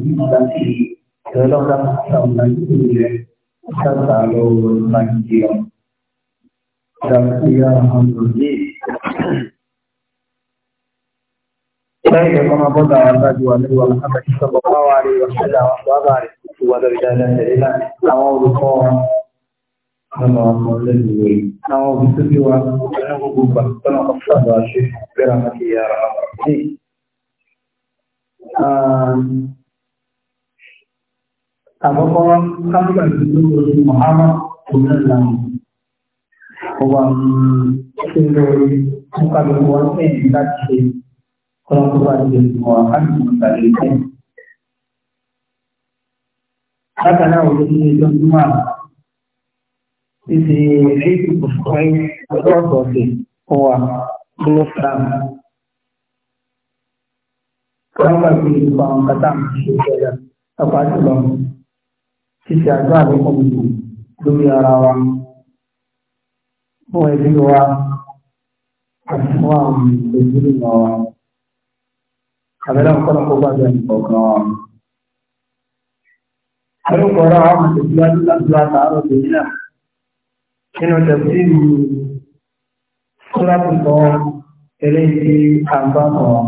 nanti kalau dapat sama dia terlalu lagi dan dia menjadi saya kama boda wanda juwa ne wa Muhammad sallallahu alaihi wasallam wa bari wa da bidala ila tawu ko kama mole ni tawu bisubi wa na ko gubba kana ko sada shi bera mati ya rabbi ah àkọ́kọ́ káńgbà tí ó lọ sí mọ̀hánà tó ní ìlànà ọwà ṣe lórí nípàdé wọn ẹ̀yìn láti ṣe kọ́lọ́kọ́lá ṣe mọ̀ láti ìgbàlẹ̀ ìṣẹ́. Bákan náà wọ́n ti ṣe jọjúmọ́ ṣíṣe èyí kò fún ẹ ọjọ́ ọ̀sọ̀ọ̀sẹ̀ ọwà gúlọ́fàm. Káńgbà tí ó lọ sí mọ̀hánà tó ní ìlànà ọwà ṣíṣe àdúrà lọ́kàn gbogbo lórí ara wa fún ẹbí wa àti fún àwọn ojúlùmọ̀ wa àbẹ̀rẹ̀ nǹkan kó gbàgbé nǹkan wa. Àwọn ọ̀rọ̀ àwọn àtẹ̀síwájú láti wá àtàárọ̀ lórí náà nínú tẹ̀síìlì kúlápùtọ̀ eléyìí àgbàkọ̀.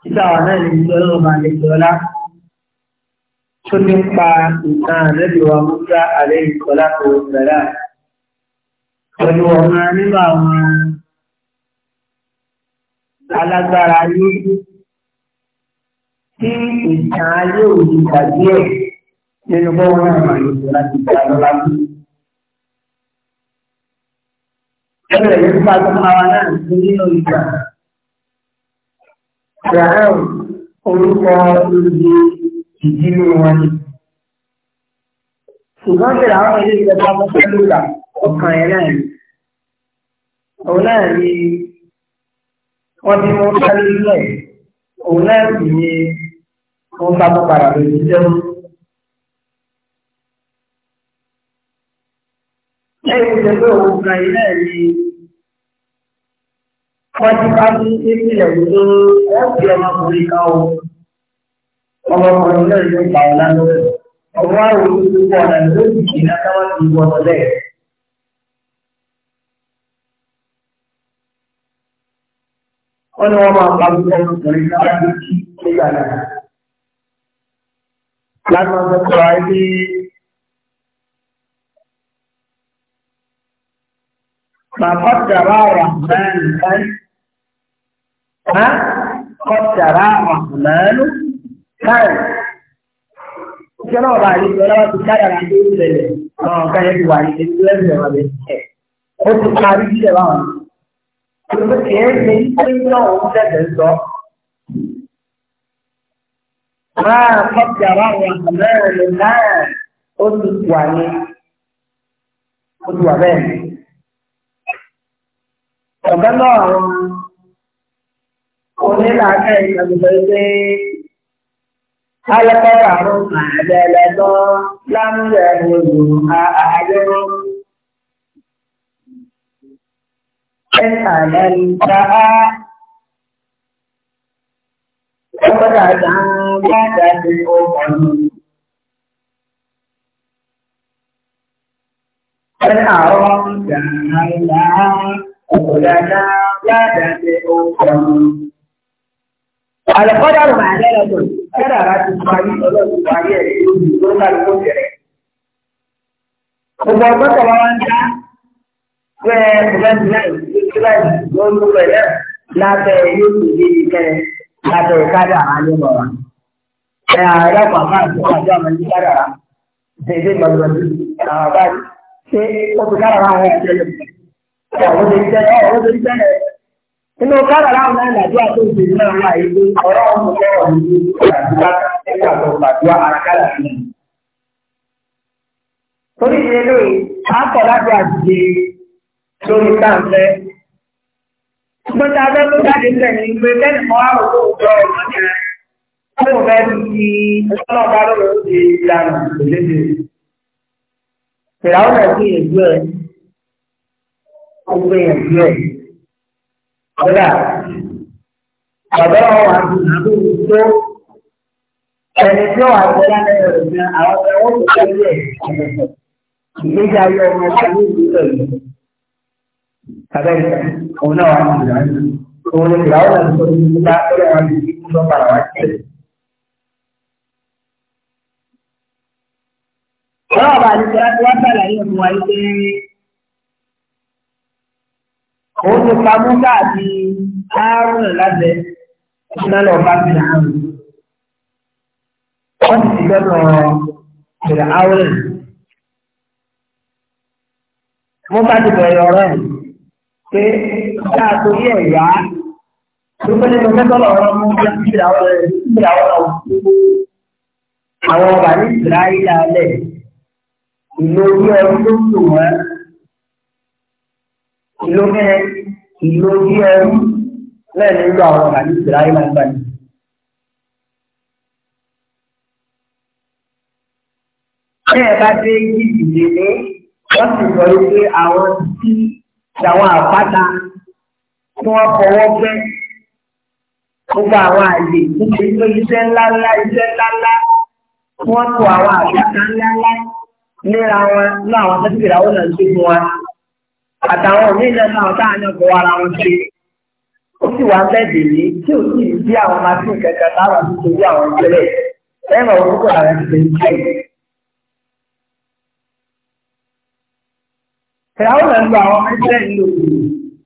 Títà wà náà ní ìjọ lọ́wọ́ máa lè jọ láti tó nípa ìtàn àdẹ́bíwá Musa àrẹ ìkọlá tó bẹ̀rẹ̀ pẹ̀lú ọ̀nà nínú àwọn alágbára ayé tí ìtàn ayé òjì tàbí ẹ̀ nínú bọ́wọ́ náà láti gbà lọ́la bí. Ẹgbẹ̀rẹ̀ yìí bá tó máa wá náà sí nínú ìgbà. Ìyàrá orúkọ olùdíje ìdílé wọn ni. ṣùgbọ́n bẹ̀rẹ̀ àwọn ilé ìjọba wọn pẹ̀lú ìlà ọ̀kan ẹ̀ náà ni. òun náà ni wọ́n ti mú sáré lẹ̀ òun náà sì ni wọ́n bá mú padà lórí jẹun. lẹ́yìn ìjọba pé òun kan yìí náà ni wọ́n ti bá ní ìpínlẹ̀ yìí ló wọ́n fi ọmọkùnrin kan o ọmọkùnrin náà ló pa ọ̀la lọ́wọ́ ọwọ́ àwọn olùdókòwò ọ̀la ló ti kì í náà káwá ti wọ ọ̀lẹ́ rẹ̀. wọ́n ní wọ́n máa pa gbogbo ọmọkùnrin náà láti kí náà. láti máa sọ ayé bí bàbá dàrá ràmánì kan. Kọ́ dàrá ràmánì káyọ̀ iṣẹ́ náà bá àlejò ọlọ́wọ́ ti káyọ̀ rà ní ìrẹ̀lẹ̀ náà káyọ̀ ti wà ní ìrẹ̀lẹ̀ wọn bẹ ó ti parí sílẹ̀ báwọn olùkọ́ kìí ṣe ní náà ó tẹ̀sẹ̀ sọ. máa kọ́pì àwọn àmẹ́rin náà ó ti wà ní ó ti wà bẹ́ẹ̀. ọ̀gá náà onílàákẹ́ ìgbàgbọ́ Alákọ̀ọ́rọ̀ àjẹ́lẹ́gbọ́ lámúlẹ̀ ìlú àjẹ́rọ. Ẹ̀sàlẹ̀ ìta á. Ọgbọ́dà dáhùn gbádà sí ọkàn. Ẹ̀sàrọ̀ ìjà àìlà ọ̀gbọ́dà dáhùn gbádà sí Àlẹ́kọ́dàrù máa jẹ́ lọ́dún, kẹ́dà bá ti parí ọlọ́dún parí ẹ̀ lórí lókàlù tó bẹ̀rẹ̀. Gbogbo ọgbọ́n tọ̀wọ́ wá ń dá pé ẹgbẹ́ni náà ìgbésílẹ̀ ló ń lúwẹ̀ náà lábẹ́ yóò tó dé ìkẹrẹ lábẹ́ kádà àlébọ̀ wa. Ẹ àrẹ́pọ̀ àbá àti àjọ àmọ́ ní kádà rà. Ṣé ilé ìgbàlódé àwọn àbá ṣé ó ti kádà rà wọn ẹ̀jẹ̀ lọ? Ọ̀rọ̀ inú káràrá àwọn àdúrà tó ṣe ní àwọn àìgbé ọ̀rọ̀ ọmọ ọ̀rọ̀ ìlú àdúrà ẹgbẹ́ àtọ̀rọ̀ àdúrà àràkálà sí i. torí ìṣe lóye a kọ̀ láti àdìde lórí táǹfẹ́. ṣùgbọ́n tá a fẹ́ ló jáde ń tẹ̀lé ìgbé bẹ́ẹ̀ mọ́ àrò tó jọ ọ̀rọ̀ náà ṣé mo fẹ́ fi ọlọ́ọ̀bá lọ́rọ̀ ó ṣe ìlànà ìlédè. ìràwọ̀ náà gbìyànjú ẹ̀ ó gbìyànjú ẹ̀ kódà bàbá wọn wà ní àbúrò tó ẹni tí wọn àgbẹ̀ lálẹ́ rẹ̀ ní àwọn ọmọ wọn kò tẹ̀lé ẹ̀ ìgbésí ayé ọmọ ẹgbẹ́ ní ìlú pẹ̀lú. Abẹ́rẹ́ òun náà wà ní ìlú àná. Òun ni ìyàwó náà tó ní nípa ẹgbẹ́ wọn ní ìlú tó bàrà wá sílẹ̀. Ọlọ́ọ̀bà àti Tíwájú wá sàlàyé ọmọ wa yìí òun ti pa Musa àti Aarun lábẹ́ iná lọ bá fi hàn. Wọ́n ti ti lọ́nà ìrẹ̀ Aarun. Mo bá ti bẹ̀rẹ̀ ọ̀rọ̀ ẹ̀ pé ìyá àtòyí ẹ̀ yá. Dúpẹ́ nínú mẹ́tọ́lọ̀ ọ̀rọ̀ mú bí ìgbìlà ọ̀rọ̀ ìgbìlà ọ̀rọ̀ àwọn ọba ní ìgbìlà ayé alẹ́. Ìlú orí ọdún tó wọ́n ìlú kẹ́rẹ́ ìlú bí ẹrú lẹ́nu ìlú àwọn ọ̀gá ní ìsirayé máa ń gbà ní. bẹ́ẹ̀ bá dé yíyí lè ní wọ́n sì sọ wípé àwọn tí àwọn àpáta tí wọ́n fọwọ́ pẹ́ gbogbo àwọn àyè níbi pé iṣẹ́ ńláńlá iṣẹ́ ńláńlá wọ́n tó àwọn àpáta ńláńlá léra wọn ní àwọn tẹ́tí ìràwọ̀ náà ń gbé fún wa. àtàwọn mílíọ̀n náà táàní kò ara wọn ṣe ó sì wá bẹ́ẹ̀dì yìí tí ò sì bí àwọn machine kẹ̀kẹ́ táwọn ti torí àwọn ìpínlẹ̀ lẹ́yìn àwọn púpọ̀ àwọn ti tẹ̀lé ṣáì. ìyàwó rẹ̀ àwọn ẹgbẹ́ ìlú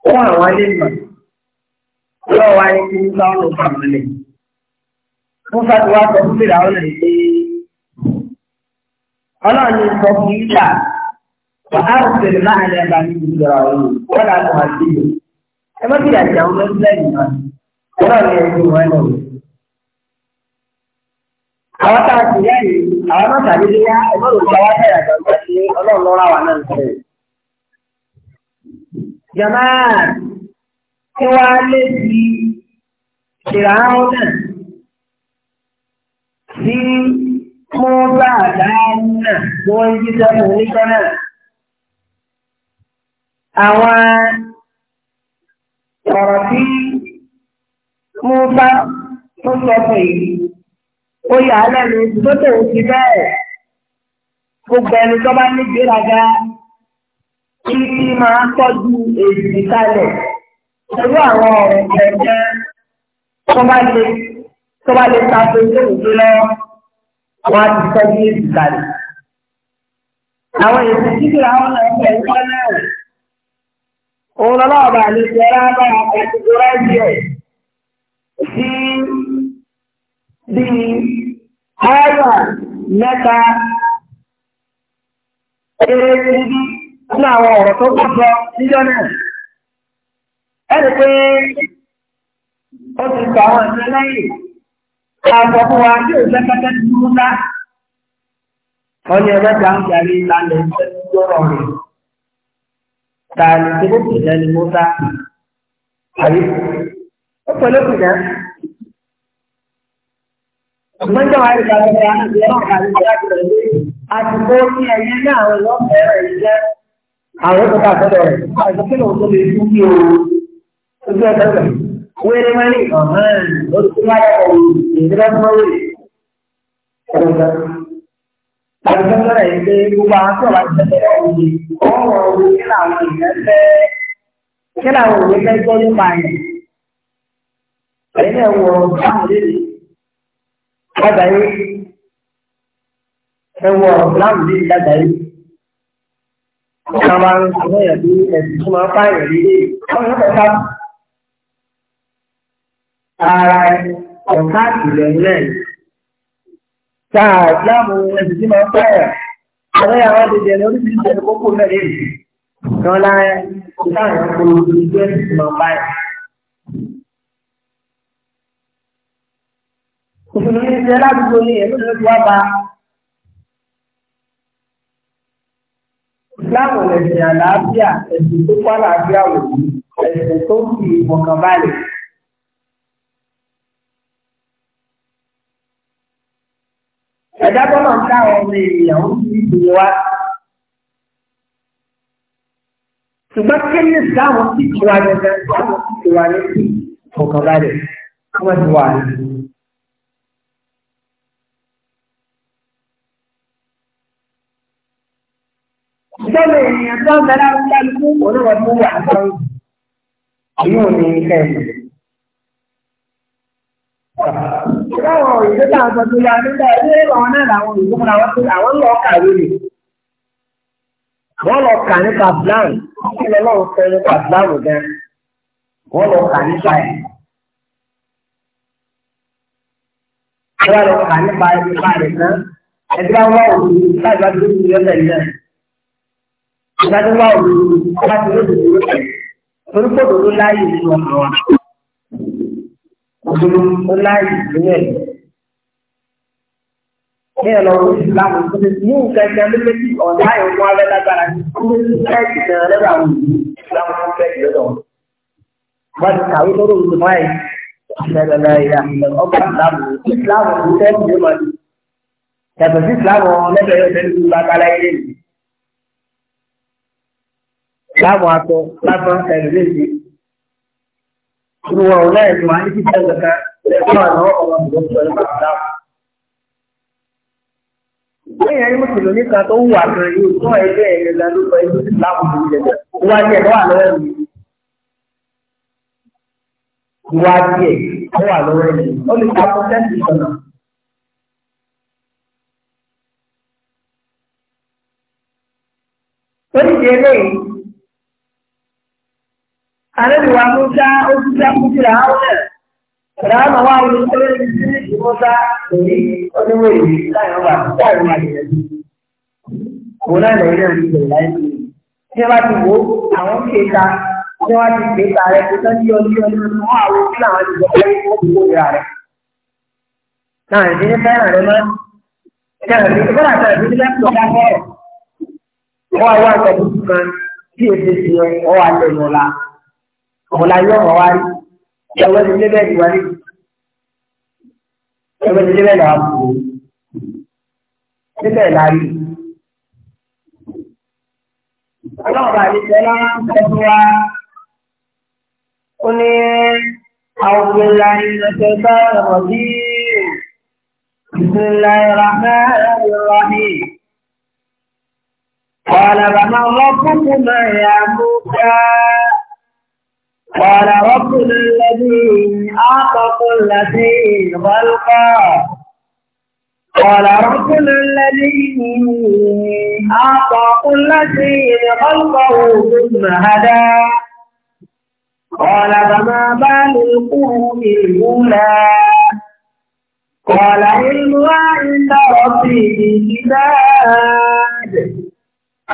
fún àwọn ilé ìmọ̀ lọ́wọ́ kí àwọn ilé. fún ìyàwó rẹ̀ ọlọ́run ní sọ fún وأرسل معنا بني إسرائيل ولا تهديه كما في الأشياء من لنا ولا يجوزون àwọn tá a sì lẹ́yìn àwọn náà tàbí lé yá ọlọ́run gba jamaa àwọn ọ̀rọ̀ tí mo bá tó sọ fún yìí ó yà á lẹ́nu tó tòun ti bẹ́ẹ̀ gbogbo ẹni tó bá ní gbéraga kí kí máa tọ́jú èsì kalẹ̀ pẹ̀lú àwọn ọ̀rọ̀ ẹ̀jẹ̀ tó bá lè tó bá lè ta pé tó òjò lọ wọn á ti tọ́jú èsì kalẹ̀. àwọn èsì kíkìlá wọn lọ sí ẹ̀kọ́ náà. òun lọ́lọ́ọ̀bà ló ti rábà kàtígóráìsì ẹ̀ sí mẹ́ta àwọn ọ̀rọ̀ tó kọ́ sọ níjọ́ náà. ẹni pé ó ti àwọn ìṣẹ́ lẹ́yìn wa tani tí ó pè náà ni Musa àbí ó pẹ̀lú pè náà. Ọ̀gbọ́n jẹ́ wàá rí ìgbà pẹ̀lú àwọn ìgbà náà àti ìgbà pẹ̀lú àtìkó ní ẹ̀yẹ ní àwọn ìlọ́pẹ̀ rẹ̀ jẹ́ àwọn tó bá tọ́lọ̀ àti kí lóun tó lè dú kí o ojú ẹ̀tọ́ rẹ̀. Wéré máa ní ọ̀hán lórí tí wọ́n á yẹ ọ̀hún ìdílé fún àdìsọ́sọ́rọ̀ yìí gbogbo àwọn tó wà tẹ́tẹ́rẹ́ òye ọ̀rọ̀ òwe kí làwọn èèyàn fẹ́ kí làwọn òwe fẹ́ táà ìsìláàmù ẹ̀sìn tí máa ń pààyà àwọn àwọn àdèdè ẹni oríṣiríṣi ẹni kókó náà lè rí kan láyé kó táwọn ọkọ ojú ẹ̀sìn tí máa ń pààyà. òṣèlú ní ìṣẹ́ ládùúgbò ní ẹ̀mí ló ti wá ba ìsìláàmù ẹ̀sìn àlàáfíà ẹ̀sìn tó kọ́ àlàáfíà wò ẹ̀sìn tó fi ìfọ̀kànbalẹ̀. ẹ̀dá tọ́lọ̀ ń ká ọmọ èèyàn ó ti dùn wá. ṣùgbọ́n kí ní ìsáwọn tí kí wá gẹ́gẹ́ láwọn tí kí wá ní sí ọkàn balẹ̀ kí wọ́n ti wà ní. Ìjọba ènìyàn tó ń bẹ láwọn kálukú òun náà wọ́n wà ní ọ̀run. Èyí ò ní kẹ́yìn. Ìdáwọ̀ òyìnbó tá a sọ tó yá nígbà ilé ni. Wọ́n lọ kà nípa Brown, kí lọ lọ́wọ́ fẹ́ nípa Brown gan. Wọ́n lọ kà nípa ẹ̀. Wọ́n lọ kà nípa ẹ̀ nípa rẹ̀ tán. Ẹgbẹ́ wa òyìnbó láti wá sí ìyọ́nà ìyá. Ìdájọ́ wa òyìnbó láti lóṣù tó lóṣù. Torí kò dòdó láàyè nínú wa òdodo ó láàyè nínú ẹ̀. Ní ẹ̀rọ ìsìlámù tó ti mú kẹ̀kẹ́ lé méjì ọ̀dá ìwọ̀n alẹ́ lágbára ní kúrò ní kẹ́ẹ̀kì náà lọ́dọ̀ àwọn ìlú ìsìlámù tó kẹ́ẹ̀kì lọ́dọ̀ wọn. Wọ́n ti kàwé tó rò lùmọ́ ẹ̀ lẹ́lẹ́lẹ́ ìyá ọgbà ìsìlámù ìsìlámù tó kẹ́ẹ̀kì ló máa di. Yàtọ̀ sí ìsìlámù lẹ́bẹ̀ẹ́ Láwọn aṣọ ruwa wala ya zuwa ni fitar da ka da kuma na wa Allah mu zo da ta ko yayi musulmi ka to wa ka yi to ai da ya da lu bai su la mu ji da wa ne da wa lawa ni wa ke ko wa lawa ni Àlejò wa ló dá ojú dá kúkú rà áwọn ẹ̀. Ràánà wà wọlé pẹ́lẹ́ ní sí ìmọ̀ta èyí oníwò èyí láìwọ́n wà láìwọ́n àgbẹ̀rẹ̀ bí. Òun náà lẹ́yìn náà ní ìbẹ̀rẹ̀ láì sí. Bí wọ́n bá ti wò ó, àwọn kéka tí wọ́n ti gbé ta rẹ̀ kó tán ní ọdún ọdún ọdún wọn àwọn ojú làwọn ti gbọ́ pẹ́lẹ́ kó kó ìra rẹ̀. Náà ìdílé fẹ́ràn rẹ̀ máa ń kẹrìndínlẹ́ ìgbọ́dọ̀ àtàlẹ́dínlẹ́ pọ̀ dáfẹ́ rẹ̀. Wọ́n wá ìtọ́jú kan tí èsì ti ọ̀ ọ̀la yóò mọ̀ wá rí ẹwẹ́ ti lé bẹ́ẹ̀ wá rí ẹwẹ́ ti lé bẹ́ẹ̀ là á kú níbẹ̀ là á rí. ọlọ́run bá mi tẹ́lá ẹ̀fọ́ wa ó ní àwọn ìlà ìrẹsẹ̀ bá ọ̀rọ̀ bí ìsinla ìrànlẹ́ ìrọ̀lẹ́. قال فمن ربكما يا موسى قال ربنا الذي أعطى كل شيء خلقا قال ربنا الذي أعطى كل شيء خلقه ثم هدى قال فما بال القرون الأولى قال علمها عند ربي بكتاب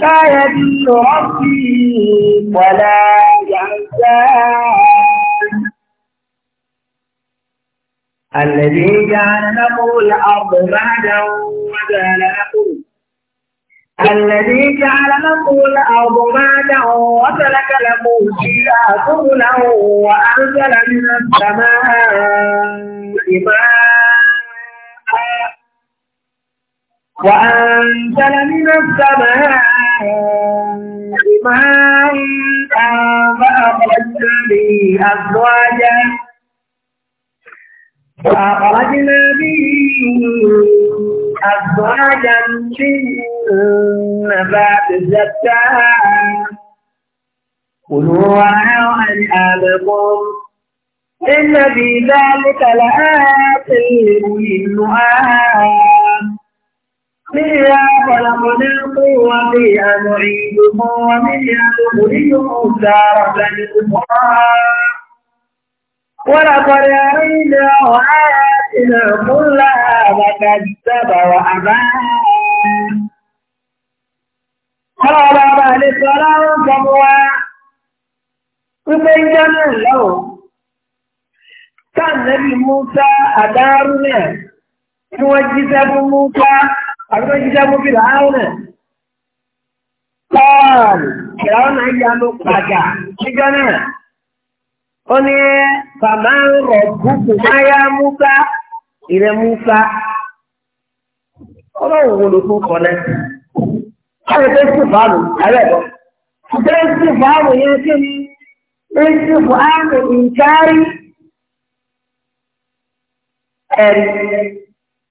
لا يدل ربي ولا يعلم الذي جعل لكم الأرض بعدا وجعل لكم الذي جعل لكم الأرض بعدا وسلك لكم فيها سبلا وأنزل من السماء ماء وأنزل من السماء ماء فأخرجنا به أزواجا فأخرجنا به أزواجا من نبات شتى كلوا وعوا أنعامكم إن في ذلك لآت لأولي النهار منها خلقناكم وفيها نعيدكم ومنها نخرجكم تارة أخرى ولقد أرينا وآياتنا كلها فكذب وأبى قال أهل الصلاة فهو وبين له كان نبي موسى أدارنا وجزه موسى àbíkọ́ jíjá mú fìlà áwọnà pọ́ọ̀lù ìràwọ̀nà yanu padà níjọ́ náà ó ní bàmá ń rọ̀ gúgù máyá múta ìrẹ́ múta ọlọ́run wo ló tún kọ náà káyọ̀ tó sì fàánù ààrẹ lọ tó sì fàánù yẹn kí ni ẹ̀rí.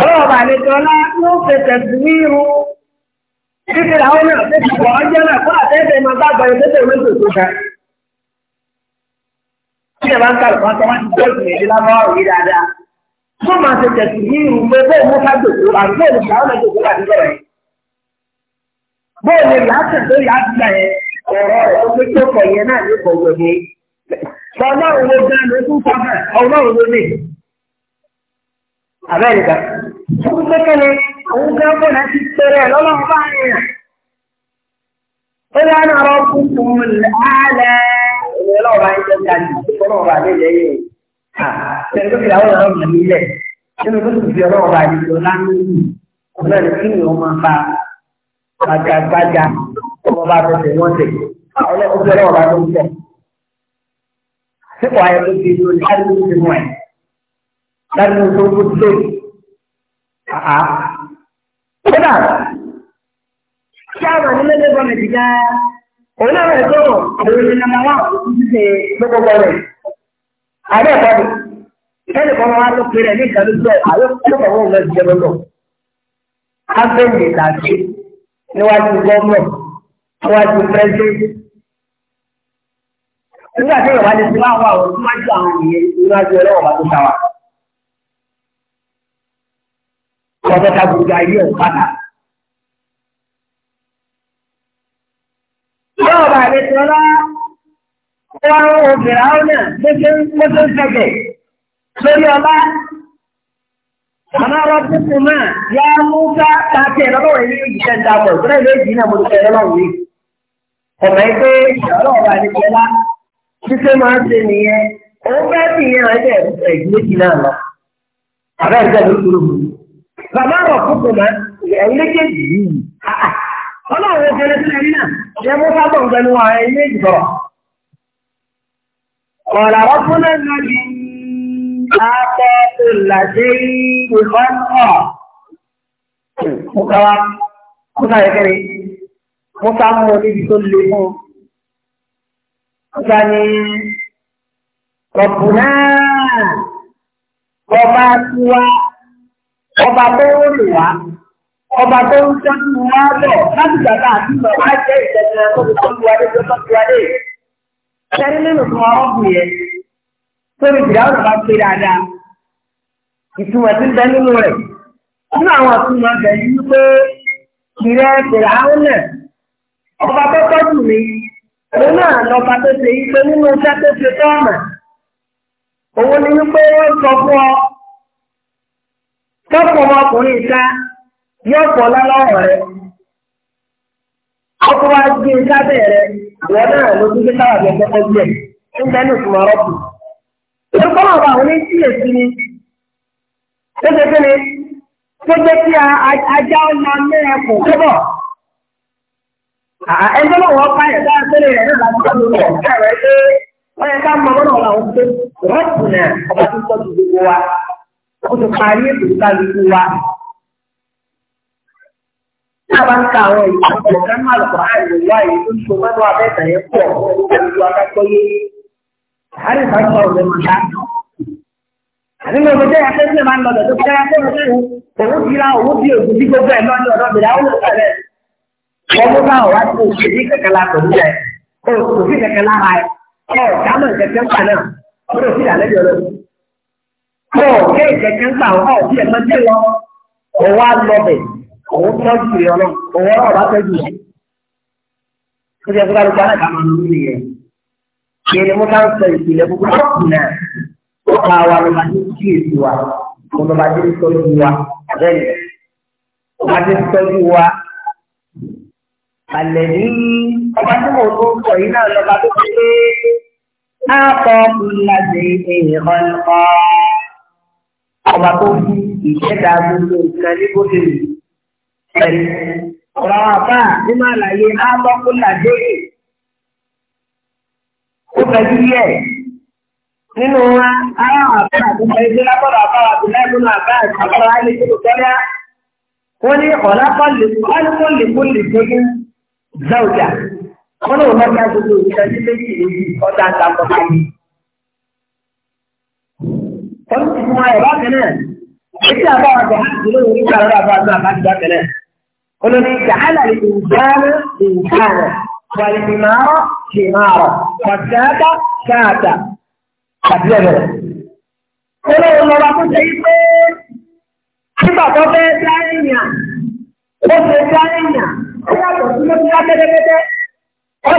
ọlọ́ọ̀bà àlejọ́lá ló fẹsẹ̀ sí irú títí àwọn náà tẹ́tí pọ̀ ọjọ́ náà fún àtẹ́tẹ́ máa bá gbọ́dọ̀ tẹ́tẹ́ ìwé tó tó ga. Bí ẹ bá ń kà àbẹ́ẹ̀lìgbà tó ń kékeré òun gbé ọgbẹ́ náà ti tẹ̀lé lọ́lọ́run bá rìn rìn. ó yá náà rọ kúkú lálẹ́ ìrìn ọlọ́run bá ń jẹ́ ká ní ọlọ́run bá lè lẹ́yìn rẹ̀. tẹ̀lé tó fi àwọn ọ̀rọ̀ mi nílẹ̀ nínú tó fi ọlọ́run bá yìí lọ́la nínú ọ̀rẹ́ rẹ̀ kí ni wọ́n máa bá gbajàgbajà ọmọ bá tẹ̀sẹ̀ wọ́n tẹ̀ ọlọ́run bá tó ń tẹ̀. sípò ayẹyẹ tó ti lẹ́nu tó kú gbogbo gbọ́dọ̀ àbẹ́ ìkọ́dù kẹ́lẹ̀ kan wá ló pèrè ní ìdádúgbò àwọn kọ́kọ́ wọn lọ jẹ́ lọ́dọ̀ ábẹ́yẹ ọ̀fẹ́ gbogbo ayé ọ̀ padà. Ọlọ́ọ̀bà àlejò ọlá wọ́n ń wo Fìràwọ́ náà bó ṣe ń bó ṣe ń sẹ̀kẹ̀ lórí náà yá mú ká káàkiri ẹ̀rọ wọ̀nyí yìí ṣe ń dapọ̀ ìpínlẹ̀ ìlú èjì náà mo ti fẹ́ ẹ̀rọ wọ̀nyí. Ọ̀mọ̀ yìí pé ọlọ́ọ̀bà àlejò ọlá ṣíṣe máa ń ṣe nìyẹn. Òun fẹ́ fi ìyẹn rẹ̀ bẹ̀rẹ̀ ìdílé náà lọ. Àbẹ́ Bàbá rọ̀ púpọ̀ mọ́ ẹ̀yìn méjèèjì yìí. Ah, ah. Ọlọ́run ó jẹrẹ sílẹ̀ rí náà. Ṣé mo fá bọ̀ gbẹnu wa ẹ̀yìn méjì sọ̀rọ̀? Ọ̀rọ̀ àwọn fún náà lọ di akọ ìlàjẹ ìkọ́ ọ̀. Mo kà wá, mo mú níbi tó le fún. Mo ní Rọ̀bù ọba tiwa. ọba tó rè wá ọba tó ń sẹ́nu wá bọ̀ láti gbàgbà àti ìgbà wá tó ń tó nínú fún ọ yẹn sórí ìdílé àwọn ọba pé dáadáa. Ìtumọ̀ ń bẹ nínú rẹ̀. Nínú àwọn ìtumọ̀ bẹ̀ pé ìrẹ́ àwọn ọba tó tọ́jú mi. Òun náà tó Tọ́pọ̀ ọmọkùnrin ká yóò pọ̀ lọ́wọ́ rẹ̀. Ọkọ wa gbé e sábẹ́ àwọn náà ló tún gbé sábà bẹ̀ tọ́pọ̀ gbẹ̀. Ń bẹ́ẹ̀ nìkan ọ̀rọ̀ kù. bá sí ni. ni kí ajá kù Ẹjọ́ náà wọ́n pa ẹ̀dá sílẹ̀ rẹ̀ Ẹ̀rọ ó ti parí ètò kálukú wa. Tí a bá ń ka àwọn ìgbàgbọ́ kan máa lọ́kọ̀ àìlè wá èyí tó ń so mẹ́nu abẹ́ta yẹn pọ̀ pẹ̀lú adájọ́ yé. Àárín ìbáṣọ ọ̀rẹ́ máa dá. Àdínlẹ̀ ọmọdé yà pé ṣé máa ń lọ lọ́dọ̀ tó kẹ́rẹ́ fún ọdún òun ti ra òun ti òkú sí gbogbo ẹ̀ lọ́dọ̀ ọ̀dọ̀ bìrà ó lọ sọ̀rẹ̀. Ọmọ bá ọ̀wá tó ṣe ní kẹ̀kẹ́ la pẹ̀lú rẹ̀. Òṣèlú kẹ̀kẹ́ lára ẹ̀. Ẹ̀ dámọ̀ kẹ̀kẹ́ ń pa náà. Ó lọ sí ìdálẹ́bí ọlọ́run. Kọ́ ọ̀kẹ́ ìjẹ̀kẹ́ gbà ọ́ ọ̀bí ẹ̀ máa dé lọ. Ọwọ́ á lọ bẹ̀. Òun tọ́jú rẹ̀ ọlọ́run. Ọwọ́ náà bá tọ́jú rẹ̀. Ó jẹ́ fúnra lóko alága máa ń lórí rẹ̀. Ṣé ni mo bá ń sọ ìpìlẹ̀ gbogbo ọ̀kùnà? Ó pa wa ló máa ní kí èsì wa. Mo lọ máa dé tọ́jú wa. Bẹ́ẹ̀ni, mo máa dé tọ́jú wa. Àlẹ́ ní ọba tí mo tó ń sọ yìí náà lọ́ba tó ti dé. Á kọ́ kùnà sí ìrọ̀lọ́ ọba tó fi ìṣẹ̀dá gbogbo nǹkan ní bó ṣe yìí. Ẹ̀rí ọ̀rọ̀ àbá nínú àlàyé ábọ́kúlà déyè. Ó fẹ́jú yẹ̀ nínú wa ará àbá àtúntò ẹgbẹ́ lábọ́dọ̀ àbá àbúlá nínú àbá àtúntò ayé tó tọ́lá. Wọ́n ní ọ̀rá kọ́lìkọ́lì tóyún záwùjà. Wọ́n ní òun náà ká gbogbo ìṣẹ́jú méjì èyí ọ̀dà àtàkọ́ báyìí wọ́n ti fún ayọ̀ bá kẹ́lẹ̀ etí àbáwọn àgbà láti lóyún nígbà lọ́dọ̀ àbá àgbà àbájú bá kẹ́lẹ̀ olórí jàhálà ìgbàlẹ̀ ìgbàlẹ̀ wàlìmìmárọ̀ kìmárọ̀ kọ̀tẹ́ẹ̀tà káàtà àti ẹ̀rẹ̀. olórí lọ́ba tó ṣe pé nígbà tó fẹ́ sáyẹ̀yà ó ṣe sáyẹ̀yà ó yàtọ̀ sí lóbi lákẹ́tẹ́kẹ́tẹ́ ó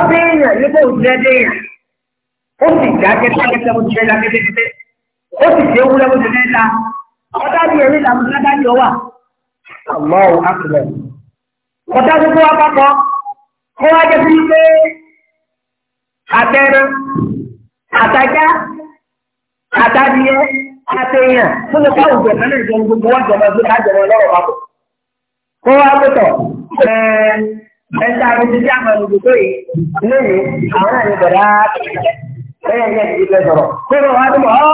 ṣe èèyàn ó sì ṣe wúlẹ̀ wúlẹ̀ mẹ́ta ọ̀dájú ẹ̀rí làwọn ọ̀dájú ọwà. Allahu akbar. ọ̀dájú tó wá pápọ̀ kó wá jẹ́ sí pé àtẹ̀rẹ̀ àtajá àtàdìyẹ àtẹ̀yàn tó lè ká òjò kan náà jẹun gbogbo wọn jọmọ ẹgbẹ́ lájọmọ lọ́rọ̀ papọ̀. kó wá pẹ̀tọ̀ ẹ̀ẹ́dá mi ti dí àmọ́ ìdòdó yìí lóye àwọn àyè bẹ̀rẹ̀ á tẹ̀lé ẹ̀yẹ́ ìdílé sọ̀rọ̀ kó lọ́wọ́ á dùn mọ́ ọ́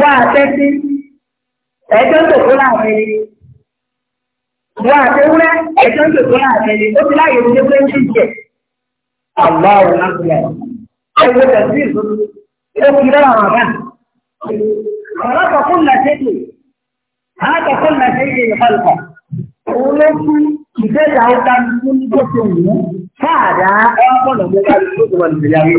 wá àtẹ́sí ẹjọ́ tó kó láàrin ni wá àtẹ́wúrẹ́ ẹjọ́ tó kó láàrin ni ó ti láàyè ní pé ní ìjẹ àgbà òun náà tilẹ̀ ẹwọ tẹ̀sí ó fi rẹ́ àwọn àbá ọ̀rọ̀ kọ̀kún là ṣètò àkọ́kọ́ là ṣètò ìfọ̀lùkọ̀ òun ló kú ìgbésà ó dá mi fún bó ṣe wù ú fáàdà ọ̀pọ̀lọpọ̀ kárí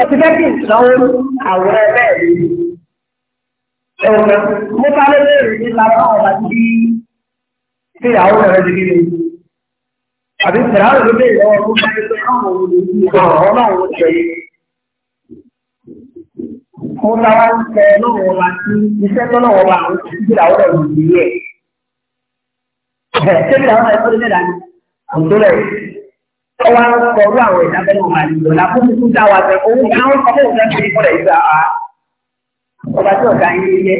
ó ti fẹ́ kí ìsanwó àwọn ẹgbẹ́ rẹ̀ ẹ̀wọ̀n mo bá lé lérè ní lára ọ̀la tí tí àwọn ẹ̀rọ ti gbé àbí ìsìláwò ló bèèrè lọ́wọ́ tó bá pé káwọn òun ló ń gbọ́ ọ̀rọ̀ náà wọ́n ṣe yé. mo ta wá ń sẹ lọ́wọ́ ọ̀la tí iṣẹ́ tó lọ́wọ́ ọ̀la àwọn ti gbé àwọn ẹ̀rọ ìgbé yẹ. ṣé ìdáwọ́ ló mẹ́ta ọwọ́ akọ̀rọ̀ àwọn ìdábẹ́lẹ̀ wọn àti ìdọ̀lá fún tuntun tá a wà fẹ́ òun náà ń kọ́kọ́ òun fẹ́ kọ́ rẹ̀ yíra a ọba tí ọ̀dà yín lé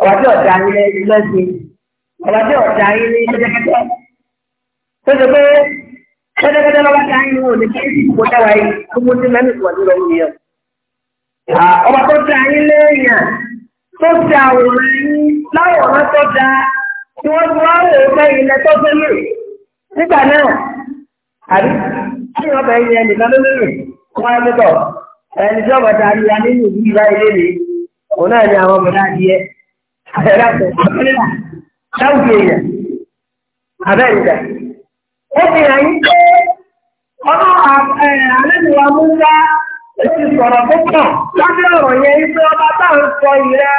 ọba tí ọ̀dà yín lé lẹ́sìn ọba tí ọ̀dà yín lé kẹ́tẹ́kẹ́tẹ́ tó pé kẹ́tẹ́kẹ́tẹ́ lọ́ba tí a yín wò ní kéèsì kó dáwà yìí tó mú sí mẹ́rin tó wà ní yẹn ọba tó ṣe àyín léèyàn tó ṣe àwòrán yín láwòrán tó dáa tí wọ́n àbí tí wọ́n bẹ̀ yẹn nìkan lóṣù wọ́n á gbẹ́tọ̀ ẹni tí ọ̀bọ̀ta rí wa nínú ìlú ìlà ilé mi òun náà ni àwọn ọmọdé adìẹ àbẹ̀rẹ̀ àpò àbẹ̀rẹ̀ láwùjọ èèyàn àbẹ̀rẹ̀ ìjà. ó fi hàn yín pé ọmọ àlejò wa mú wá èsì sọ̀rọ̀ lábẹ́ ọ̀rọ̀ yẹn ọba bá ń sọ ìrẹ́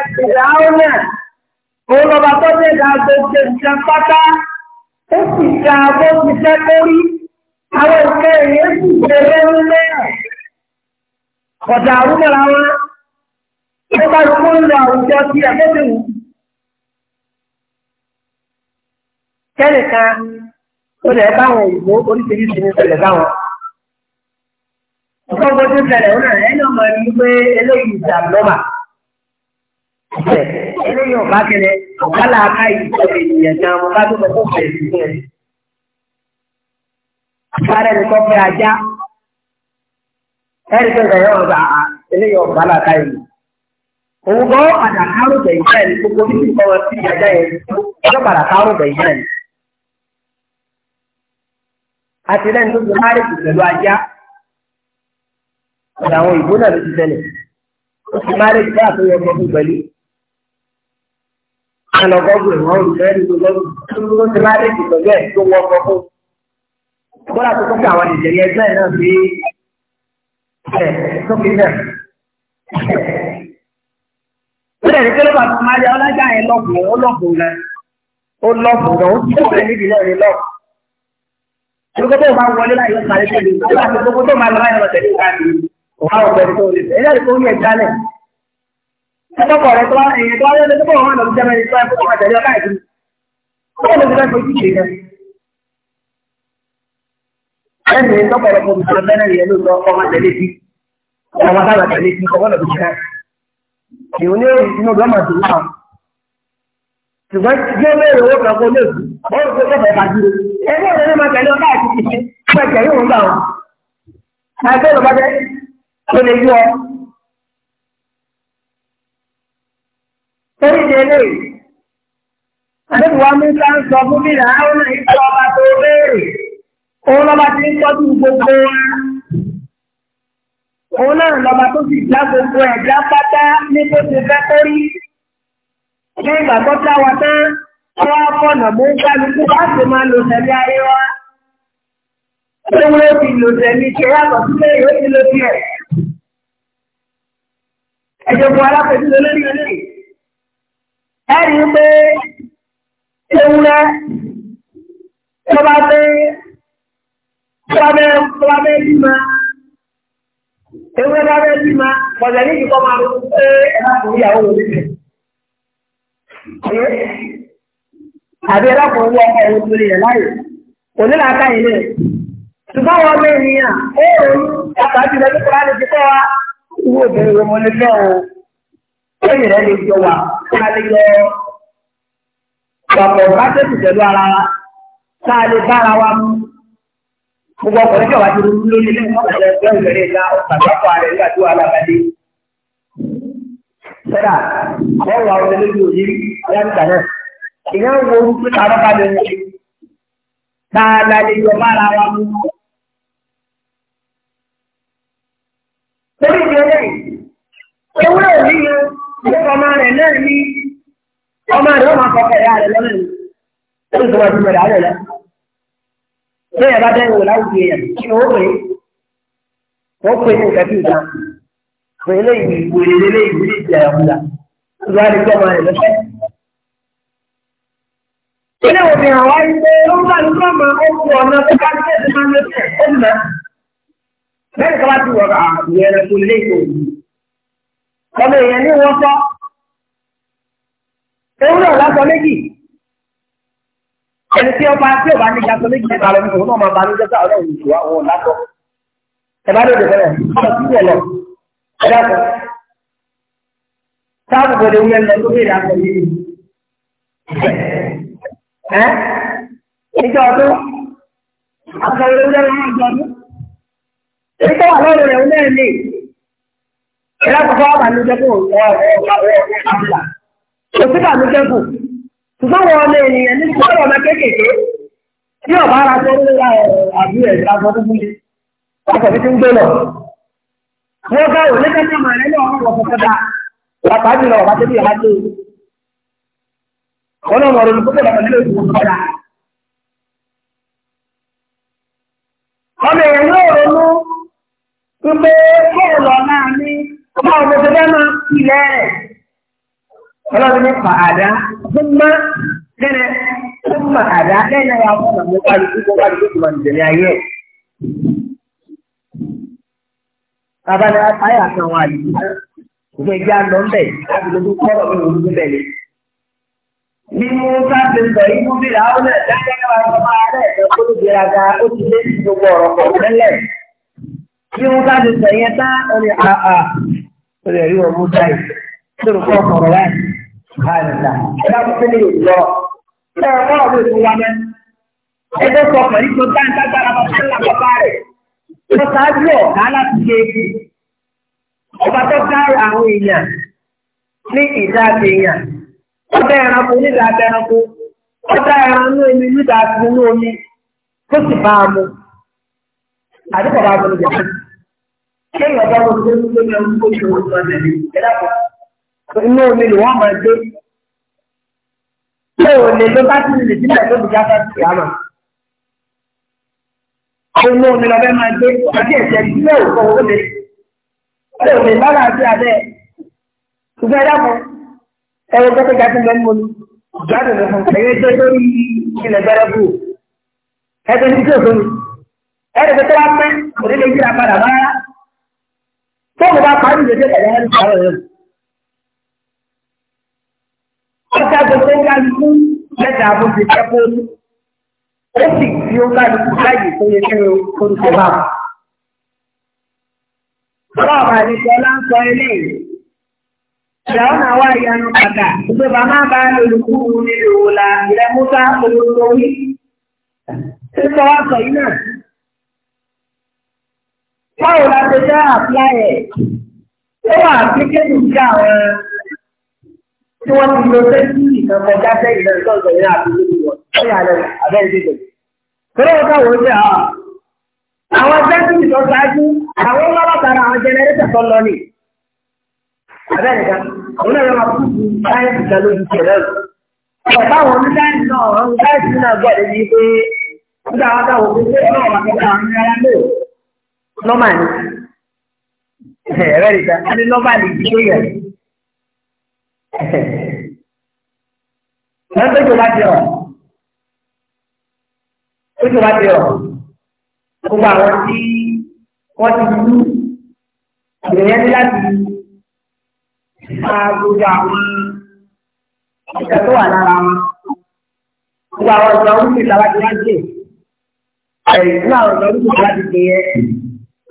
òun àwọn nǹkan èèyàn sì bẹ̀rẹ̀ ńlẹ́ ọ̀dà àrúmọ̀ra wọn tó bá kó ń lọ àwùjọ sí ẹgbẹ́ wù. kẹ́nìkan ó lẹ̀ báwọn òyìnbó oríṣiríṣi ní ṣẹlẹ̀ báwọn. ọ̀gbọ́n bó ti ṣẹlẹ̀ ó náà ẹni ọmọ ẹni pé eléyìí ìjà lọ́mà. eléyìí ọ̀bá kẹlẹ̀ ọ̀bá làákà ìjọba ènìyàn gan-an mo bá tó bẹ tó bẹ̀rẹ̀ sí sáré ní kọfí ajá ẹni tó gbẹyọ ọgbà á eléyìí ọgbà làkà yìí òun gbọ́ padà kárò bẹ̀yìn náà ní gbogbo bí nǹkan wọn sí ajá yẹn ọjọ́ padà kárò bẹ̀yìn náà ní. àti lẹ́nu tó ti máàrí kù pẹ̀lú ajá ọ̀dà àwọn òyìnbó náà ló ti tẹ̀lẹ̀ ó ti máàrí kù báà tó yẹ ọkọ̀ fún pẹ̀lú. àlọ́ ìwọ̀n olùfẹ́ nínú gọ́gùn kódà tó tún àwọn ìjẹ̀lẹ̀ ẹgbẹ́ náà sí ẹ̀ tó fi ó dẹ̀ ní kélébà tó máa yẹ ọlájà yẹn lọ́kùnrin ó lọ́kùnrin rẹ̀ ó lọ́kùnrin rẹ̀ ó ti tó rẹ̀ níbi náà ní lọ́kùnrin. Olùkọ́ tó máa wọlé láyé ó sáré tẹ̀lé ó bá ti gbogbo tó máa lọ láyé ọ̀tẹ̀ nípa mi. Òhà ọ̀tẹ̀ tó lè fẹ́. Ẹlẹ́rìí tó ń yẹ jálẹ̀. Ẹ̀tọ́kọ̀ rẹ̀ tó wá tó wá lọ́dún tó bọ̀ wọn lọ́dún jẹ́mẹ́rin tó wá ẹ̀kọ́ ẹnu ní tọ́pọ̀lọpọ̀ bí sọ́dọ̀ náà yẹn ló lọ ọmọ tẹ̀lé sí ọmọ sábà tẹ̀lé sí ọgbọ́n lọ́dún ṣáà èèyàn ní inú ọgbọ́n máa dùn náà ṣùgbọ́n tí ó bẹ̀rẹ̀ owó kan kó lè dùn ọ̀rọ̀ tó kẹfẹ́ bá dúró ẹni ọ̀rẹ́ ní máa tẹ̀lé ọ̀gá àti kìkì máa tẹ̀lé òun gbà wọn. àìsí ọ̀rọ̀ bá tó lè yú ọ. torí ìdí eléyìí àdébùwá ká ń sọ fún mi làárọ̀ ìgbà ọba tó béèrè. Òun lọ́ba ti ń tọ́jú gbogbo wa. Òun náà lọ́ba tó sì dá gbogbo ẹ̀dá pátá ní bó ti fẹ́ kó rí. Ní ìgbà tó dá wa tán, wọ́n á fọ̀nà mú kálukú láti máa lò tẹ̀lé ayé wa. Ṣé wọ́n ti lò tẹ̀lé ṣe yàtọ̀ sílẹ̀ yóò ti lò tiẹ̀? Ẹ̀jẹ̀ fún alákòóso lórí ilé. Ẹ̀rí pé ewúrẹ́ tó bá fẹ́ Tọ́lábẹ́ bí ma, ewé lábẹ́ bí ma, pọ̀jẹ̀ ní ìkọ́ máa lókún pé ẹlákùnrin ìyàwó lórí rẹ̀. Àbí ẹlákùnrin wọ́n ọkọ̀ òun lórí rẹ̀ láyé. Kò ní làákà yìí lẹ̀. Ṣùgbọ́n wọn lé ní à, ó rò ní àpájú kọ́ wa. Ìwé obìnrin o? Ẹ̀yìn rẹ̀ lè jọ wà, kí a lè jọ wà pọ̀ bá tẹ̀sí pẹ̀lú gbogbo ọkùnrin tí ọba ti rú lórí ilé ọkùnrin ẹgbẹ́ ìbẹ̀rẹ̀ ìlà ọ̀pàdàpọ̀ ààrẹ nígbà tó wà lábàdé. sẹ́dà wọ́n wà ọ̀rẹ́ lójú òní yáǹtà náà ìyẹn ń wo orúkú tààrọ́ bá lè rìn dáadáa lè yọ bára wa mú. lórí ìdí ẹlẹ́yìn ewúrẹ́ òní yẹn ní ọmọ rẹ̀ náà ní ọmọ rẹ̀ ọmọ akọkọ̀ ìyá rẹ̀ lọ́nà bẹ́ẹ̀ bá dẹ́rù wò láwùjọ èèyàn kí ni ó pè é ó pè é ní nǹkan tí ìjà pè é léyìí wèrè léyìí wèrè ìjà ìyàwóra ìwà ni gbọ́mọ rẹ̀ lọ́sẹ̀. ilé òbí hàn wá ní pé ó ń bá ní gbọ́mọ ogun ọ̀nà tó bá ní ẹ̀sìn máa ń lọ́sẹ̀ ó ń nà. bẹ́ẹ̀ ká bá ti wọ̀ àwùjọ ẹ̀rọ tó lé ìkò yìí. ọmọ èèyàn ní wọ́n sọ ewúrẹ́ ọ̀lá sọ méjì ẹni tí ọba tí ọba ní ìyàtọ̀ méjì nípa lọ nípa ọmọ ọba ní jẹ́sà ọlọ́run ìṣòwò àwọn ọ̀làkọ̀ ẹ̀bá lóde bẹ̀rẹ̀ ọmọ sí ẹ̀lọ ẹ̀dàkọ̀ sáàbù bọ̀dé wúlẹ̀ lọ lórí ìdàkọ̀ yìí ẹ̀ ìjọ ọdún akọ̀wé wúlẹ̀ lọ́wọ́ ìjọ ọdún ìjọ wà lọ́rọ̀ rẹ̀ wúlẹ̀ ní ẹ̀dàkọ̀ fọwọ́ bàmí jẹ́kù ọ̀rọ̀ ọ̀rọ̀ ọ̀rọ̀ ṣùgbọ́n ọmọ ènìyàn ní sọ́dọ̀ ọmọ kéékèèké tí ọba ara tó ń lọ àbí ẹ̀sìn tó fún mi ọkọ̀ mi ń gbé lọ. wọ́n bá òní kẹ́kẹ́ mọ̀ ẹ́ náà wọ́n fọ́fọ́ dá wàtá jùlọ ọba tó bí ọba tó. wọ́n náà mọ̀ ọ́nà púpọ̀ lọ́wọ́ nílé ìwọ̀n tó dá. ọmọ èèyàn yóò ronú wípé kóòlù ọ̀la mi ọmọ òṣèlú ọlọ́run ní fàádá súnmọ́ lẹ́nẹ̀ súnmọ́ àdá lẹ́yìn àwọn ọmọ ọmọ kálukú kó kálukú tó máa ń tẹ̀lé ayé ẹ̀. bàbá ni ayé àtàwọn àwọn àlùkò ìgbẹ́ ìjà lọ ń bẹ̀ láti lójú kọ́rọ̀ mi òun ń bẹ̀lẹ̀. bí mo sá ti ń bẹ̀ inú bí ra ó lẹ̀ dájẹ́ náà ló máa rẹ̀ ẹ̀ kó ló gbéra ga ó ti lé ní gbogbo ọ̀rọ̀ pọ̀ tẹ́lẹ̀. bí mo sá ti sẹ̀yẹ tán ó ní àà ah, ah. ó lè rí ọmú táyì tó lè kọ́ ọ̀rọ̀ láì. Àìsàn, ẹ̀dá pípé lè lọ. Ṣé ọ̀rọ̀ ọ̀rọ̀ ètò wa mẹ́? Ẹgbẹ́ sọ pẹ̀lú tó dáńtá gbára bàbá ńlá bàbá rẹ̀. Ó ṣáájú ọ̀gá láti ṣe é. Ọba tó dá àwọn èèyàn ní ìdá èèyàn. Ọba ẹranko nígbà ẹranko. Ọba ẹran inú omi nígbà inú Àdúgbò bá a mú Ṣé ìyọ̀bọ̀ mo ti gbé ní ọdún tó ṣe oṣù ọ̀sẹ̀ inú omi ni wọ́n máa gbé. Ṣé òní ló bá ti lè sílẹ̀ tó bìí jáfa sí àmà? Inú omi lọ́bẹ̀ máa gbé àti ẹ̀jẹ̀ sílẹ̀ òkò omi. Ṣé òní lọ́la sí abẹ́ Ṣùgbọ́n ẹ dákun, ẹ̀rọ gbẹ́gbẹ́ jáde ń bẹ́ mú mi. Ìgbádùn mi fún ẹ̀yẹ jẹ́ lórí ilẹ̀ gbẹ́rẹ́ bù. Ẹgbẹ́ ní tí òfin mi. Ẹ̀rọ gbẹ́gbẹ́ wá pẹ́, òní lè yíra padà bá. Tóògùn bá parí ìdèjì ọjà gbèsè kálukú lẹ́tà àbójú kẹ́kọ̀ọ́ ó sì fi ó kálukú láyè tó yẹ kí orí tó bá. Bọ́ọ̀bù àdìsọ láǹsọ eléyìí. Ìyàwó náà wá ìyanu kàkà. Gbogbo bàmá bá lòlùkú nílò òòlà ìrẹ́ Musa olóńgbò wí. Sísọ wá sọ yìí náà. Báwo la ṣe fẹ́ àpláyẹ̀? Ó wà àplikẹ́tù sí àwọn tí wọ́n ti lo sẹ́ńtúrì kan kọjá sẹ́yìn náà lọ́sọ̀ yẹn àti lórí wọn ó yà lọ abẹ́ ìdíje. Tọ́lá wọn káwọn ṣe àwọn àwọn sẹ́ńtúrì tó ṣáájú àwọn lọ́lọ́tara àwọn jẹnẹrétà tó lọ ní. Abẹ́ nìkan, àwọn náà máa kú ju sáyẹ́ǹsì kan lójú tẹ̀ lọ́rù. Ọ̀pá àwọn oníṣáyẹ̀nsì náà àwọn oníṣáyẹ̀nsì náà gbọ́ ẹ̀dẹ́ yìí pé nígbà wọn káwọn kò Wọ́n tó tó bá ti rọ̀. Tó tó bá ti rọ̀. Gbogbo àwọn tí wọ́n ti dúdú ìrẹ̀yẹ́ ní láti máa gbogbo àwọn ìṣẹ́ tó wà lára wọn. Gbogbo àwọn ìṣẹ́ oríṣi ìlàwà ti wọ́n jè. Ẹ̀yìn fún àwọn ìṣẹ́ oríṣi ìlàwà ti jẹ yẹ.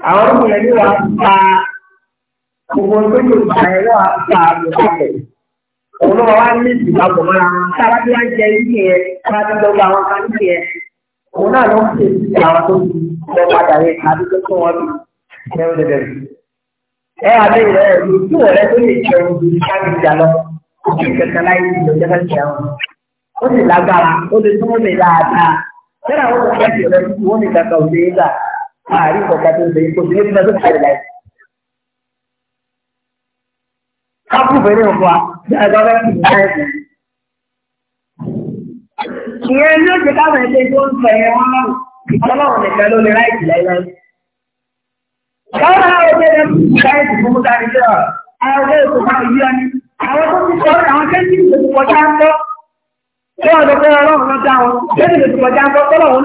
Àwọn oríṣi ìlẹ̀ ní wàá pa gbogbo tó tó ìgbà ẹ̀rọ àti àgbẹ̀ òun náà wá ní ìgbàgbọ́ máa sára tí wọ́n jẹ ilé yẹn sára tí wọ́n gba kan nílé yẹn òun náà ló ń pè sí àwọn tó ti lọ padà yẹn tó tún wọn bí ẹrù dẹdẹ rẹ. ẹ ló tún tó lè sáré ìjà lọ kẹta láyé ó sì lágbára ó lè tún wọn lè dáadáa àwọn kápùfẹ́ ní ọ̀pọ̀ àgbàgbà ti ní ẹ̀sìn. ìyẹn ní oṣù káwọn ẹgbẹ́ tó ń fẹ̀ wọn lọ́rùn ìtọ́lọ́run nìkan ló lè ráìtì láíláí. káwọn ọgbẹ́ rẹ̀ ráìtì fún mú sáré jọ àwọn ọgbẹ́ òkú máa yí ọní. àwọn tó ti sọ àwọn kẹ́sì tó ti kọjá ń bọ́. ṣé ọ̀dọ̀ pé ọlọ́run ló dá wọn kẹ́sì ń bọ́ tọ́lọ́run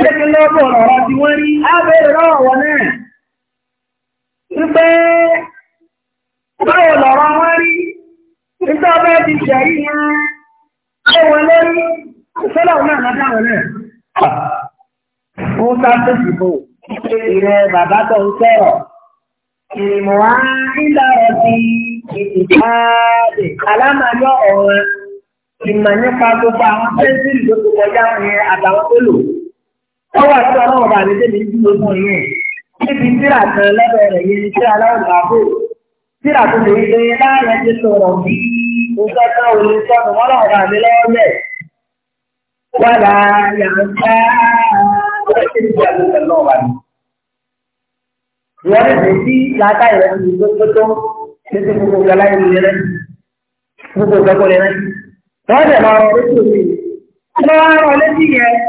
Ṣékí lọ́pọ̀ ọ̀rọ̀ tí wọ́n rí ábẹ̀rẹ̀ lọ́wọ́ wọn náà. Wípé báwo lọ̀rọ̀ wọ́n rí nígbà bẹ́ẹ̀ ti ṣẹ̀rí wọn ṣé wọn lórí ìṣẹ́lẹ̀ náà lọ́dá wọn náà. Ó ká tó dìbò ìrẹ̀ bàbá tó ń sọ̀rọ̀. Ìrìnmọ̀ wá nílà ọtí ìtìjáde ìmọ̀ nípa gbogbo àwọn pẹ́ńsìlì tó kọjá wọn àtàwọn tó lò ọwọ́ àti ọlọ́wọ́ bá lè débi ibi ló mọ̀ yẹn níbi tíra kan lọ́dọ̀ rẹ̀ yẹn tíra láwọn àbò tíra tó lè gbé láàrin ti sọ̀rọ̀ bí oṣù kan ò lè sọnù wọ́n lọ́wọ́ bá mi lọ́wọ́ bẹ̀. wàlá yàtá ọ̀rẹ́ ti di àgbẹ̀ lọ́wọ́ bá mi. ìwọ́n lè fi látà ìrẹ́ mi gbogbo títí gbogbo gbala ìlú gbogbo gbogbo rẹ̀ wọ́n lè máa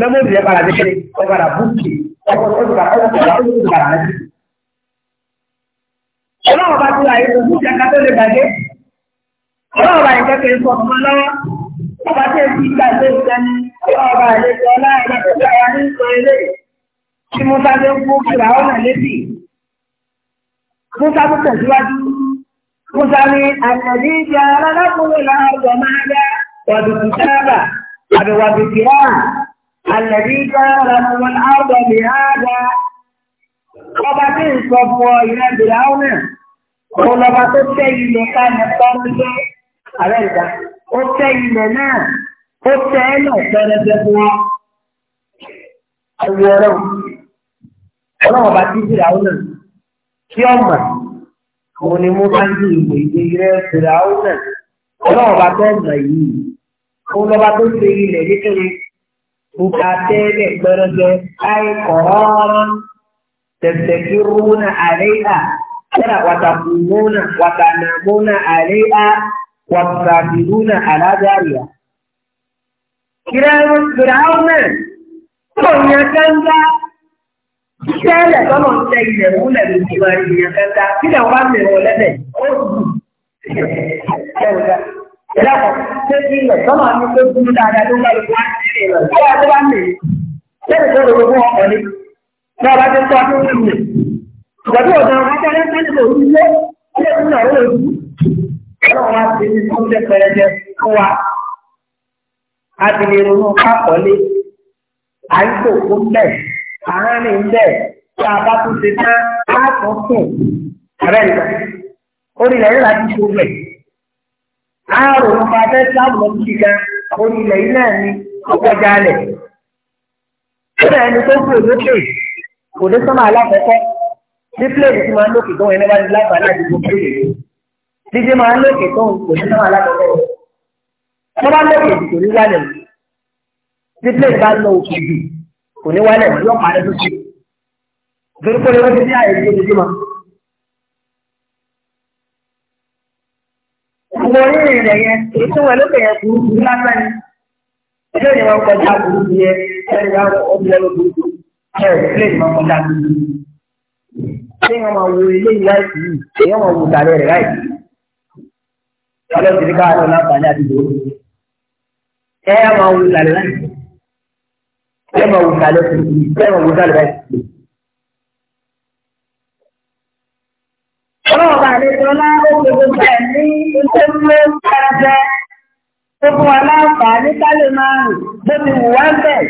mẹ́mọ́rì rẹ̀ padà dékèrè ọ̀padà búùkì ọlọ́wọ́ bá ti àyè kò búùkì akátó lè bàjẹ́ ọlọ́wọ́ bá ìjọ kiri fọ ọmọ lọ́wọ́ ọba tí èsì ìgbà tó ìjẹ ní ọlọ́wọ́ bá àlejò ọláìlá tó ti àyà ní ìsọ ilé tí musa lè kú kìlà ọ̀nà lébì musa tó tẹ̀síwájú musa ní àyàdí ìjà alákùnrin làwọn ọgbọ̀n máa dá wàdùkú sábà àbẹ̀wàdùkú náà. الذي كان هو الأرض بهذا ọba tí ń sọ fún ọ ìrẹ́ bìláwùnà òun lọba tó tẹ́ ilẹ̀ kalẹ̀ pọ́nlé ààrẹ ìgbà ó tẹ́ ilẹ̀ náà ó tẹ́ ẹ náà tẹ́rẹ́fẹ́ fún ọ. ẹ̀wọ̀ ọ̀rọ̀ bá tí bìláwùnà kí ọmọ بكاتين درجة أي قرارا تستقرون عليها وتقومون وتنامون عليها وتسافرون على جارية فرعون كون يكندا Ìṣẹ́lẹ̀ tọ́lọ̀ ń tẹ ilẹ̀ múlẹ̀ ló ti máa ìrìnàkẹta, sílẹ̀ wá mẹ́rọ lẹ́lẹ̀, ó dùn. ẹ̀dá ṣé kí ilẹ̀ sọ́nà ní tó dúró dáadáa tó bá lóko láti ṣe tó bá lè lẹ́yìn tó lóko fún ọkọ̀ ni tí bá ti tọ́ tó lè. ìgbà tí ọ̀dọ̀ wọn kọ́ lẹ́sẹ̀ ní òun ilé ilé ìlú náà lè dùn. ọlọ́run wá sí ní fún jẹ́ pẹrẹjẹ fún wa. a ti lè ronú kápọ̀lé àyíkò kó bẹ̀ àárín bẹ̀ tí a bá tún ti tán láàtún fún ọ̀rẹ́ ìgbà. orí ilẹ̀ yóò àárò ń fa fẹ́ sáàmù lọ sí gan orí ilẹ̀ yìí náà ni ọkọjà alẹ̀. Bẹ́ẹ̀ ẹni tó kú òlókè kò dé sọ́mà alákọ̀ọ́kọ́ bí pílẹ̀tì ti máa ń lókè tóun ẹni bá ti lábàá láti gbogbo pílẹ̀. Dídé máa ń lókè tóun kò dé sọ́mà alákọ̀ọ́kọ́. Wọ́n bá lókè kò ní wálẹ̀ mọ́. Bí pílẹ̀tì bá lọ òkè bì kò ní wálẹ̀ mọ́ yóò parẹ́ lókè. Torí pé wọ́n ti dé àyè ọkọ̀ orílẹ̀ rẹ̀ yẹn èyí tó wẹ̀ lókè yẹn burúkú lásán ẹjọ́ ìyẹn wọn kọjá yẹn wọn kọjá wọn wo ilé yìí láìsí yìí wọn rẹ̀ láìsí láǹfààní àti ìdòwò láìsí láìsí láìsí. àlejòlá ó fi gbogbo ẹ̀ ní iṣẹ́ ló dáadáa. Ó fún wa láǹfààní ká lè máa rìn bó ti wù wá bẹ̀.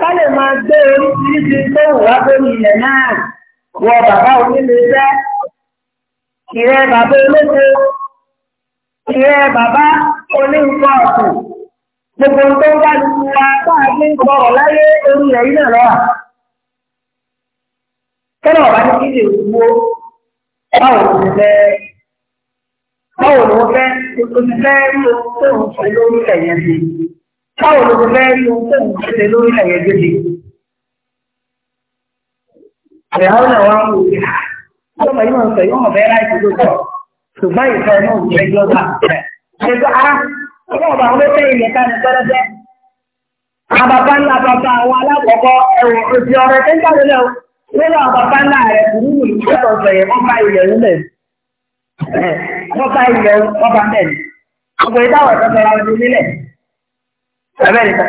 Ká lè máa gbé oríṣiríṣi tó wù wá bómi ilẹ̀ náà. Wọ bàbá onílé jẹ́. Ìrẹ́ bàbá a fi báwo ló ń fẹ́ báwo ló ń fẹ́ ló ń fẹ́ rí ohun tó ń ṣe lórí ẹ̀yẹn sí báwo ló ń fẹ́ rí ohun tó ń ṣe lórí ẹ̀yẹn náà wá ń wò ó ah, sọ yóò bẹ́ẹ̀ láìsí sọ ṣùgbọ́n ìfẹ́ náà ah, ọmọ ọba àwọn ilẹ̀ Nínú àwọn bàbá rẹ̀ kùrú ní ìjọba ọ̀sẹ̀ yẹn wọ́n bá ilẹ̀ nílẹ̀. Wọ́n bá ilẹ̀ wọ́n bá bẹ̀ ní. Ọkùnrin táwọn ọ̀sẹ̀ sọ̀rọ̀ ọdún nílẹ̀. Amẹ́ríkà.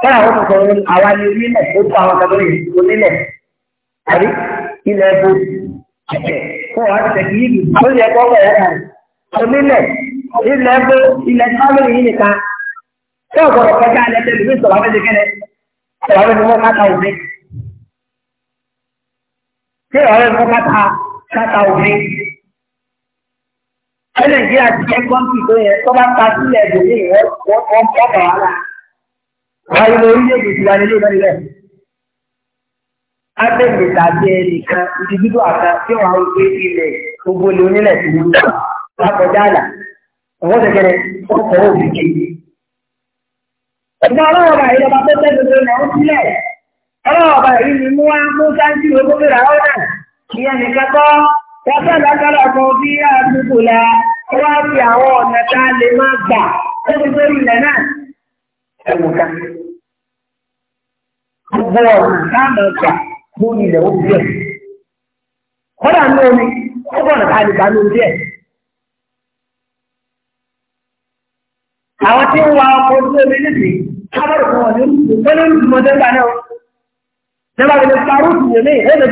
Bọ́lá àwọn ọkọ̀ àwa ni onílẹ̀ ó kó àwọn ọkọ̀ lóyè onílẹ̀. Àbí ilẹ̀ ẹ̀bù. Fún wa ti yìí ó yẹ kó ọkọ̀ yẹn Onílẹ̀ ilẹ̀ ẹ̀bù ilẹ̀ sábẹ́lì yìí nìkan. Ṣé ọ̀gọ̀rọ̀ ṣé ọ̀rẹ́ nǹkan káta káta òfin ẹ nàìjíríà ti jẹ́ kọ́ńtì tó yẹ tó bá ta sílẹ̀ ìdòwé ìwọ́n wọ́n kọ́ bàálà wáyé orílẹ̀-èdè ti wà nílé ìbẹ́lẹ̀ agbègbè tàbí ẹnìkan ìdíjúdó àká tí wọn àwọn gbé ilẹ̀ gbogbo ilé onílẹ̀ tó ń ìgbà ọlọ́wọ́ bàyí lọ́ba ọlọ́ọ̀bà yìí ni mú wá mú sáńtì owó fèrè àwọn náà ìyẹn nìkan kọ́ wọ́pẹ́ kan bí àdúgbò la wá fi àwọn ọ̀nà tá lè máa gbà lórí lórí ilẹ̀ náà. àwọn tí ń wa ọkọ̀ ojú omi nísìnyí ká bọ̀rọ̀ fún wọn ní olórí gbà náà nígbà ọkọ̀ ojú ẹ̀rọ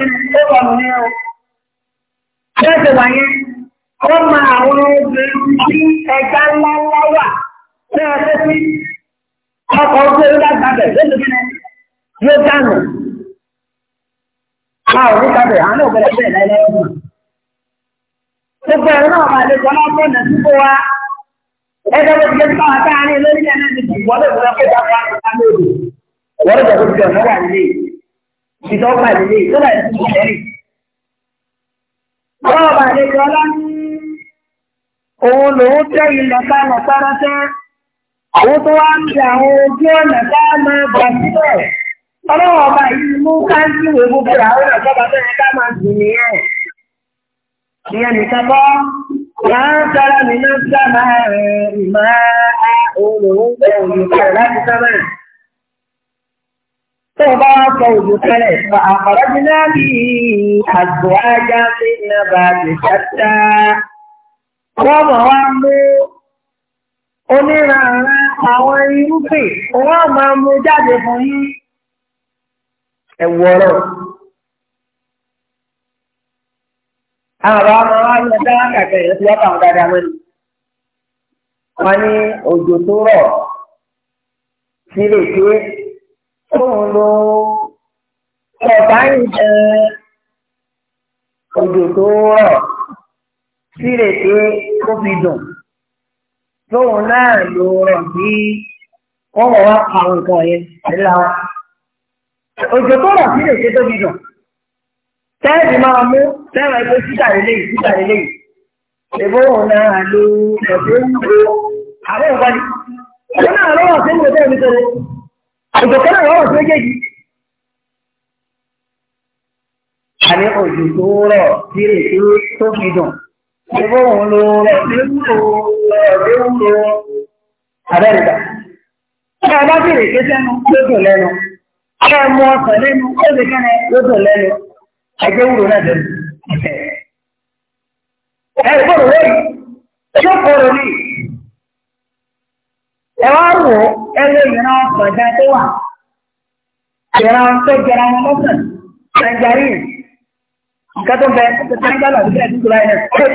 lágbàbẹ̀ yóò dànù. A ò ní kábẹ̀, àwọn bẹ̀rẹ̀ láyé láyé ìdọ́gba ìdílé ìtọ́lá ìdílé ìlẹ́rì. Ọlọ́ọ̀bà àlejò ọlá ní òun lòun tẹ́ ilẹ̀ ká lọ Àwọn tó wá ń fi àwọn ojú ọ̀nà ká máa gbà síbẹ̀. Ọlọ́ọ̀bà yìí mú káńtìwé gbogbo àwọn ọ̀gọ́ba tó yẹ ká máa dùn nìyẹn. Ìyẹn nìkan bọ́. Máa ń sára mi náà sábà rẹ̀ òun lòun bẹ̀rù nípa طبعاً صوت ثلاث فأخرجنا به أزواجا في النبات شتى وضرب onírànrà àwọn irúgbìn wọ́n máa mú jáde fún yín ẹ̀wọ̀rọ̀ àwọn ọmọ wa lọ dá kàkẹ́ yẹn tí wọ́n kà wọ́n dáadáa mẹ́rin wọ́n ní òjò tó rọ̀ sílẹ̀ tí tóun lo ọ̀bá òjò tó rọ̀ sírètí kó fi dùn tóun náà lo rọ̀ wọ́n wọ́n wá pa àwọn nǹkan yẹn nílá wa. òjò tó rọ̀ sírètí tó fi dùn tẹ́ẹ̀sì máa mú tẹ́ẹ̀rẹ̀ pé síta lè síta èbó òun náà ẹ̀bùn àìsàn náà wọ́n fún méjèèjì. a ní òjò tó rọ̀ tí èké tó fi dùn ẹgbẹ́ òun ló rọ̀ tí ó rọ̀ tí ó rọ̀ abẹ́rẹ́dà. ọ̀rọ̀ bá bèrè ké sẹ́nu ló dùn lẹ́nu ọ̀rọ̀ mu ọ̀sán lẹ́nu ló dùn lẹ́nu ẹgbẹ́ ẹ wá wò ó tó wà ìran tó jẹra wọn lọ́sàn tangerine nǹkan bẹ tó tangerine àti bẹ́ẹ̀ dúdú láyé wọ́n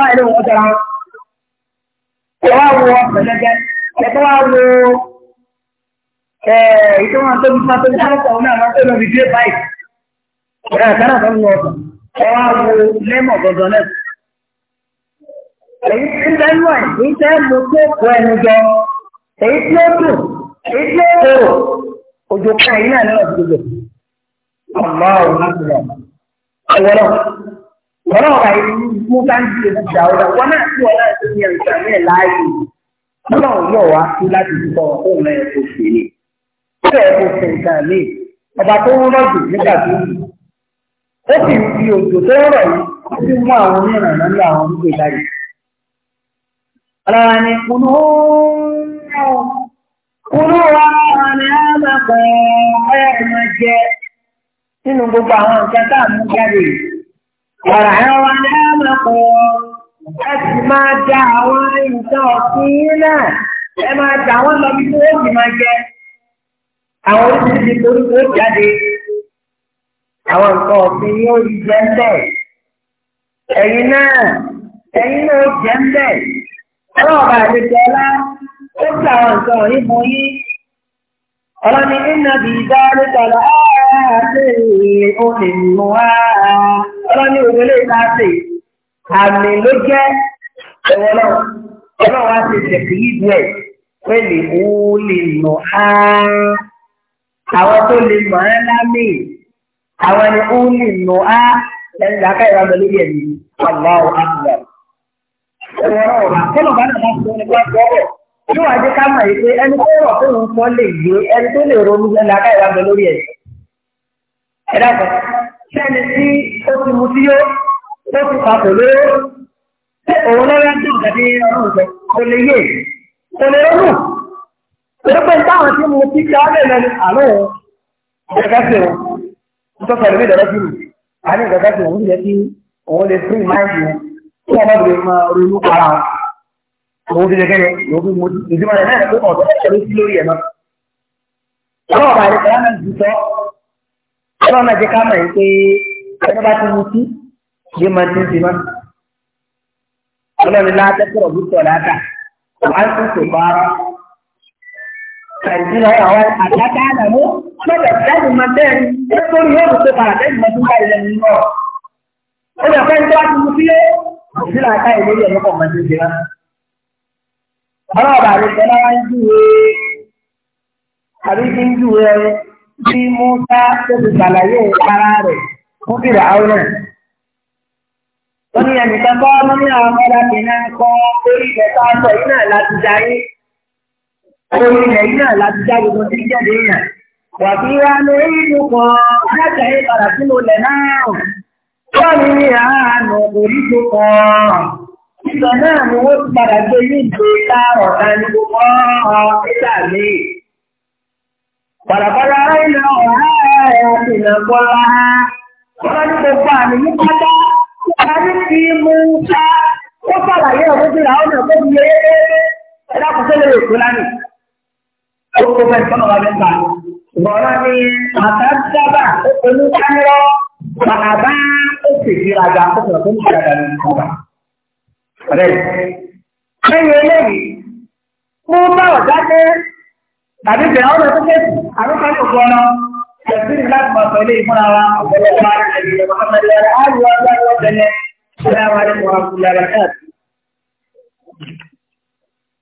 tó bí èyí tí ó dùn èyí tí ó dùn òjò kan yìí náà ọmọ láti náà náà wáyé báńkì ìjà náà tí náà ti ní ẹ̀ǹkà ní ẹ̀ láàyè wọ́n náà wá sí láti fi sọ̀rọ̀ fún òun náà kò sí ni ó sí ọba tó nígbà tó fi òjò tó yìí ó sì mú àwọn àwọn ọlọ́wà ni kùnú kùnú wa ni a máa pẹ̀ ọ̀rẹ́ máa jẹ nínú gbogbo àwọn nǹkan tá à ń jáde ọ̀rẹ́ wa ni a máa pẹ̀ ẹ sì máa da àwọn nǹkan ọ̀sìn náà ẹ máa da àwọn lọ́bí tó ó sì máa jẹ àwọn oríṣiríṣi koríko jáde àwọn nǹkan ọ̀sìn yóò jẹ́ ń bẹ̀ ẹ̀yin náà ẹ̀yin náà jẹ́ ń bẹ̀ ọlọ́ọ̀bà àdètè ọlá ó ti àwọn nǹkan wọ̀nyí bu yí ọlọ́ni iná bí dáre tọ̀lá ààrẹ olè mú wá ọlọ́ni òwúlé láti àmì ló jẹ́ ẹ̀wọ̀n náà ọlọ́wà ti tẹ̀sí yíjú ẹ̀ pé lè mú lè mọ̀ á àwọn tó lè mọ̀ ẹ́ lámì àwọn ẹni ó lè mọ̀ á ẹni làákàyè wa lọ lórí ẹ̀mí ọ̀la ìwọ̀n ọ̀rọ̀ àkọlọ̀ bá nàá fún ní gbàgbọ́ ọ̀rọ̀ yóò wá jẹ́ ká mọ̀ yìí pé ẹni tó rọ̀ tó ń sọ lè yé ẹni tó lè ronú lẹ́nu aká ìwà bẹ lórí ẹ̀. ẹ dàgbọ́ sẹ́ni tí ó ti mu sí yó ó ti pa kò lóró ṣé òun lọ́wọ́ ń dùn tàbí ọ̀rùn rẹ̀ kò lè yé kò lè ronú. pẹ̀lúpẹ̀ táwọn tí mo ti ṣe ọ́lẹ̀ lẹ́nu àlọ́ òun ìgbàgbọ́ sí òun ń kí wọ́n bá lè máa ronú para wọn. Òun fi gẹ́gẹ́ yóò fi mojú ìdímọ̀ rẹ̀ náà pé ọ̀dọ́ ẹ̀rọ sí lórí ẹ̀ náà. Ọlọ́run bá rẹ̀ kọ́ náà ti sọ. Ọlọ́run náà jẹ́ ká mọ̀ pé ẹni bá ti mu sí ṣé máa ti ń ti máa. Ọlọ́run láti kọ̀rọ̀ bí tọ̀ láta. Wàá tún ṣe bára. Kàìjíríà àwọn òsínà ká ìlérí ẹ̀mí kọ̀ mọ́tò ìdíra. ọlọ́ọ̀bà àlejò náà ń júwe àbí kí ń júwe bí Musa tó ti ṣàlàyé ara rẹ̀ fún fìrà áwọn wọ́n ní ẹnìkan kọ́ wọ́n ní àwọn ọmọdébìnrin náà kọ́ orí ilẹ̀ tó yìí náà láti jayé orí ilẹ̀ yìí náà láti já gbogbo tí jáde yìí náà. wàá fi wá lórí ìlú kan láti ẹ̀yìn padà sínú ilẹ̀ náà. Wọ́n ní àánú orígbò kan. Ìgbà náà ni wọ́n ti padà gbé ní ìgbé káàrọ̀ dání gbogbo ọ̀hún nígbà míì. Pàràpàrà ilẹ̀ ọ̀rá ẹ̀rọ ìlẹ̀ bọ́lá. Wọ́n ní gbogbo àmì ní pátá. Wọ́n ní kí mú sá. Ó sàlàyé ọ̀rọ̀ sí ra ọ̀nà tó yẹ ẹ dákun tó lè kú lánìí. Ó ni àtàkùn sábà ó pẹ̀lú káyọ̀ bàbá sì ìgbéraga tó tó ń ìgbéraga ní ìgbà. Ọ̀rẹ́ lẹ́yìn eléyìí mú bá ọ̀dá tàbí bẹ̀rẹ̀ ọ̀rọ̀ tó kẹ́sì àrùkà tó gbọ́nà